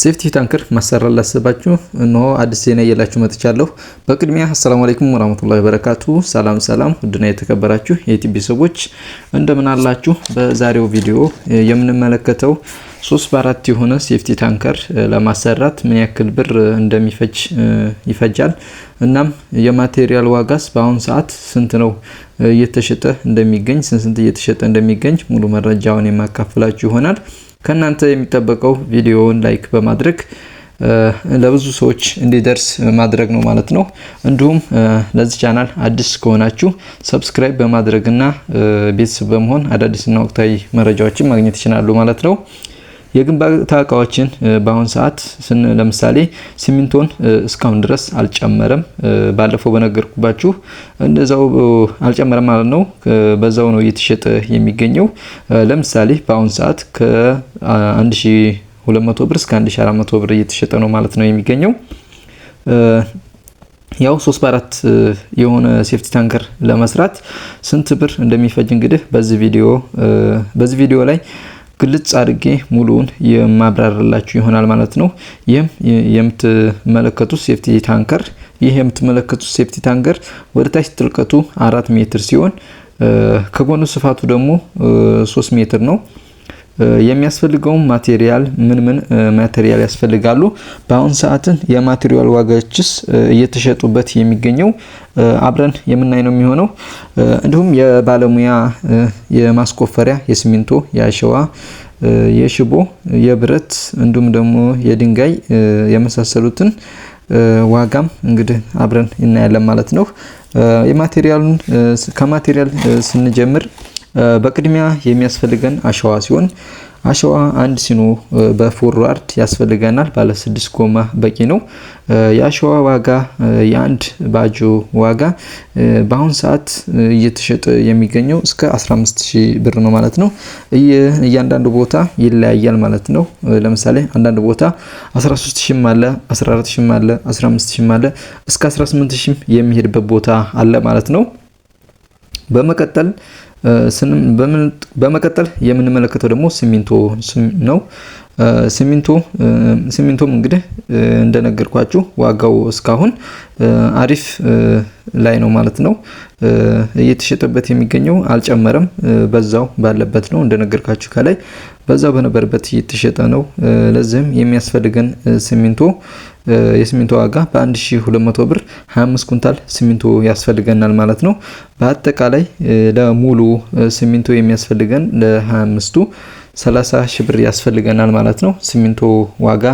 ሴፍቲ ታንከር ማሰራ ላሰባችሁ እነሆ አዲስ ዜና እየላችሁ መጥቻለሁ። በቅድሚያ አሰላሙ አለይኩም ወራህመቱላሂ ወበረካቱ። ሰላም ሰላም፣ ውድና የተከበራችሁ የኢቲቪ ሰዎች እንደምን አላችሁ? በዛሬው ቪዲዮ የምንመለከተው ሶስት በአራት የሆነ ሴፍቲ ታንከር ለማሰራት ምን ያክል ብር እንደሚፈጅ ይፈጃል፣ እናም የማቴሪያል ዋጋስ በአሁኑ ሰዓት ስንት ነው እየተሸጠ እንደሚገኝ ስንት ስንት እየተሸጠ እንደሚገኝ ሙሉ መረጃውን የማካፍላችሁ ይሆናል። ከእናንተ የሚጠበቀው ቪዲዮውን ላይክ በማድረግ ለብዙ ሰዎች እንዲደርስ ማድረግ ነው ማለት ነው። እንዲሁም ለዚህ ቻናል አዲስ ከሆናችሁ ሰብስክራይብ በማድረግና ቤተሰብ በመሆን አዳዲስና ወቅታዊ መረጃዎችን ማግኘት ይችላሉ ማለት ነው። የግንባታ እቃዎችን በአሁን ሰዓት ለምሳሌ ሲሚንቶን እስካሁን ድረስ አልጨመረም። ባለፈው በነገርኩባችሁ እንደዛው አልጨመረም ማለት ነው። በዛው ነው እየተሸጠ የሚገኘው። ለምሳሌ በአሁን ሰዓት ከ1200 ብር እስከ 1400 ብር እየተሸጠ ነው ማለት ነው የሚገኘው። ያው ሶስት በአራት የሆነ ሴፍቲ ታንከር ለመስራት ስንት ብር እንደሚፈጅ እንግዲህ በዚህ ቪዲዮ በዚህ ቪዲዮ ላይ ግልጽ አድርጌ ሙሉውን የማብራራላችሁ ይሆናል ማለት ነው። ይህም የምትመለከቱት ሴፍቲ ታንከር ይህ የምትመለከቱት ሴፍቲ ታንከር ወደ ታች ጥልቀቱ አራት ሜትር ሲሆን ከጎኑ ስፋቱ ደግሞ ሶስት ሜትር ነው። የሚያስፈልገው ማቴሪያል ምን ምን ማቴሪያል ያስፈልጋሉ? በአሁን ሰዓትን የማቴሪያል ዋጋዎችስ እየተሸጡበት የሚገኘው አብረን የምናይ ነው የሚሆነው። እንዲሁም የባለሙያ የማስቆፈሪያ የሲሚንቶ፣ የአሸዋ፣ የሽቦ፣ የብረት እንዲሁም ደግሞ የድንጋይ የመሳሰሉትን ዋጋም እንግዲህ አብረን እናያለን ማለት ነው። የማቴሪያሉን ከማቴሪያል ስንጀምር በቅድሚያ የሚያስፈልገን አሸዋ ሲሆን አሸዋ አንድ ሲኖ በፎርዋርድ ያስፈልገናል። ባለ ስድስት ጎማ በቂ ነው። የአሸዋ ዋጋ የአንድ ባጆ ዋጋ በአሁን ሰዓት እየተሸጠ የሚገኘው እስከ 150 ብር ነው ማለት ነው። እያንዳንዱ ቦታ ይለያያል ማለት ነው። ለምሳሌ አንዳንድ ቦታ 13 አለ፣ 14 አለ፣ 15 አለ፣ እስከ 18 የሚሄድበት ቦታ አለ ማለት ነው። በመቀጠል በመቀጠል የምንመለከተው ደግሞ ሲሚንቶ ነው። ሲሚንቶ ሲሚንቶም እንግዲህ እንደነገርኳችሁ ዋጋው እስካሁን አሪፍ ላይ ነው ማለት ነው። እየተሸጠበት የሚገኘው አልጨመረም፣ በዛው ባለበት ነው እንደነገርኳችሁ ከላይ በዛው በነበረበት እየተሸጠ ነው። ለዚህም የሚያስፈልገን ሲሚንቶ የሲሚንቶ ዋጋ በ1200 ብር 25 ኩንታል ሲሚንቶ ያስፈልገናል ማለት ነው። በአጠቃላይ ለሙሉ ሲሚንቶ የሚያስፈልገን ለ25ቱ 30 ሺ ብር ያስፈልገናል ማለት ነው። ሲሚንቶ ዋጋ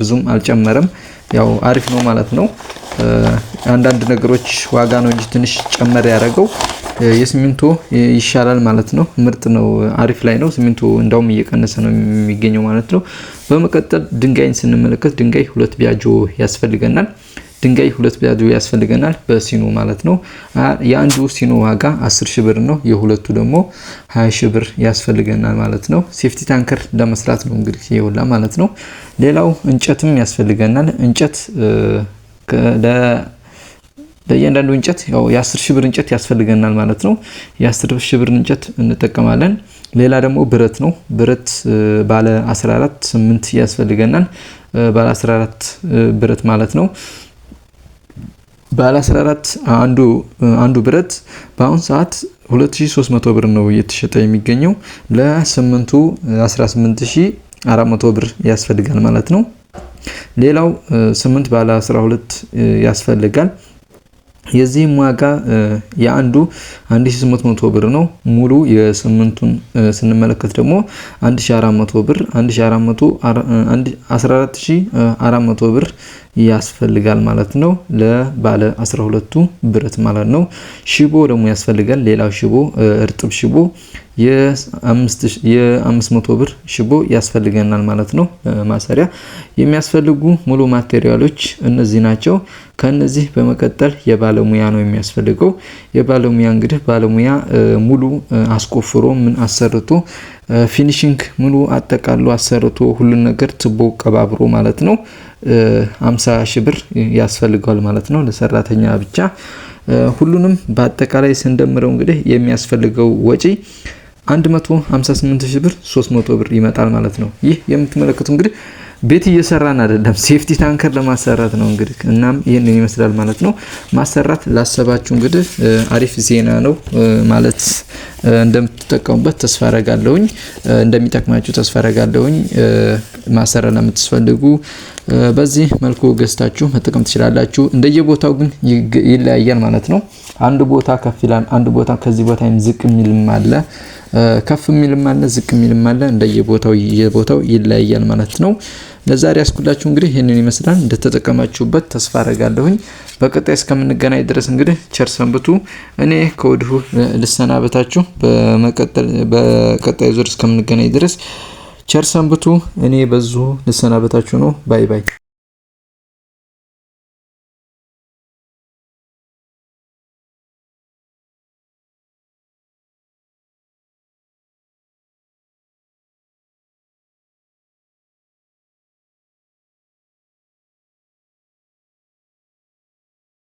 ብዙም አልጨመረም፣ ያው አሪፍ ነው ማለት ነው። አንዳንድ ነገሮች ዋጋ ነው እንጂ ትንሽ ጨመር ያደረገው የሲሚንቶ ይሻላል ማለት ነው። ምርጥ ነው፣ አሪፍ ላይ ነው። ሲሚንቶ እንዳውም እየቀነሰ ነው የሚገኘው ማለት ነው። በመቀጠል ድንጋይን ስንመለከት ድንጋይ ሁለት ቢያጆ ያስፈልገናል። ድንጋይ ሁለት ቢያጆ ያስፈልገናል በሲኖ ማለት ነው። የአንዱ ሲኖ ዋጋ 10 ሽብር ብር ነው። የሁለቱ ደግሞ 20 ሽብር ብር ያስፈልገናል ማለት ነው። ሴፍቲ ታንከር ለመስራት ነው እንግዲህ የወላ ማለት ነው። ሌላው እንጨትም ያስፈልገናል እንጨት ለእያንዳንዱ እንጨት ያው የአስር ሺህ ብር እንጨት ያስፈልገናል ማለት ነው። የአስር ሺህ ብር እንጨት እንጠቀማለን። ሌላ ደግሞ ብረት ነው። ብረት ባለ 14 8 ያስፈልገናል። ባለ 14 ብረት ማለት ነው። ባለ 14 አንዱ አንዱ ብረት በአሁን ሰዓት 2300 ብር ነው እየተሸጠ የሚገኘው። ለ ለ8ቱ 18400 ብር ያስፈልጋል ማለት ነው። ሌላው ስምንት ባለ አስራ ሁለት ያስፈልጋል። የዚህም ዋጋ የአንዱ 1800 ብር ነው። ሙሉ የስምንቱን ስንመለከት ደግሞ 1400 ብር 14400 ብር ያስፈልጋል ማለት ነው። ለባለ 12ቱ ብረት ማለት ነው። ሽቦ ደግሞ ያስፈልጋል። ሌላው ሽቦ እርጥብ ሽቦ የ500 ብር ሽቦ ያስፈልገናል ማለት ነው። ማሰሪያ የሚያስፈልጉ ሙሉ ማቴሪያሎች እነዚህ ናቸው። ከነዚህ በመቀጠል የባለሙያ ነው የሚያስፈልገው። የባለሙያ እንግዲህ ባለሙያ ሙሉ አስቆፍሮ ምን አሰርቶ ፊኒሽንግ ሙሉ አጠቃሎ አሰርቶ ሁሉን ነገር ትቦ ቀባብሮ ማለት ነው 50 ሺ ብር ያስፈልገዋል ማለት ነው ለሰራተኛ ብቻ። ሁሉንም በአጠቃላይ ስንደምረው እንግዲህ የሚያስፈልገው ወጪ 158 ብር 300 ብር ይመጣል ማለት ነው። ይህ የምትመለከቱ እንግዲህ ቤት እየሰራን አይደለም፣ ሴፍቲ ታንከር ለማሰራት ነው እንግዲህ። እናም ይህንን ይመስላል ማለት ነው። ማሰራት ላሰባችሁ እንግዲህ አሪፍ ዜና ነው ማለት እንደምትጠቀሙበት ተስፋ አረጋለሁኝ፣ እንደሚጠቅማችሁ ተስፋ አረጋለሁኝ። ማሰራት ለምትፈልጉ በዚህ መልኩ ገዝታችሁ መጠቀም ትችላላችሁ። እንደየቦታው ግን ይለያያል ማለት ነው። አንድ ቦታ ከፍ ይላል፣ አንድ ቦታ ከዚህ ቦታ ዝቅ የሚልም አለ። ከፍ የሚልም አለ፣ ዝቅ የሚልም አለ። እንደየቦታው የቦታው ይለያያል ማለት ነው። ለዛሬ ያስኩላችሁ እንግዲህ ይህንን ይመስላል። እንደተጠቀማችሁበት ተስፋ አረጋለሁኝ። በቀጣይ እስከምንገናኝ ድረስ እንግዲህ ቸር ሰንብቱ። እኔ ከወዲሁ ልሰናበታችሁ። በቀጣይ ዙር እስከምንገናኝ ድረስ ቸር ሰንብቱ። እኔ በዚሁ ልሰናበታችሁ ነው። ባይ ባይ።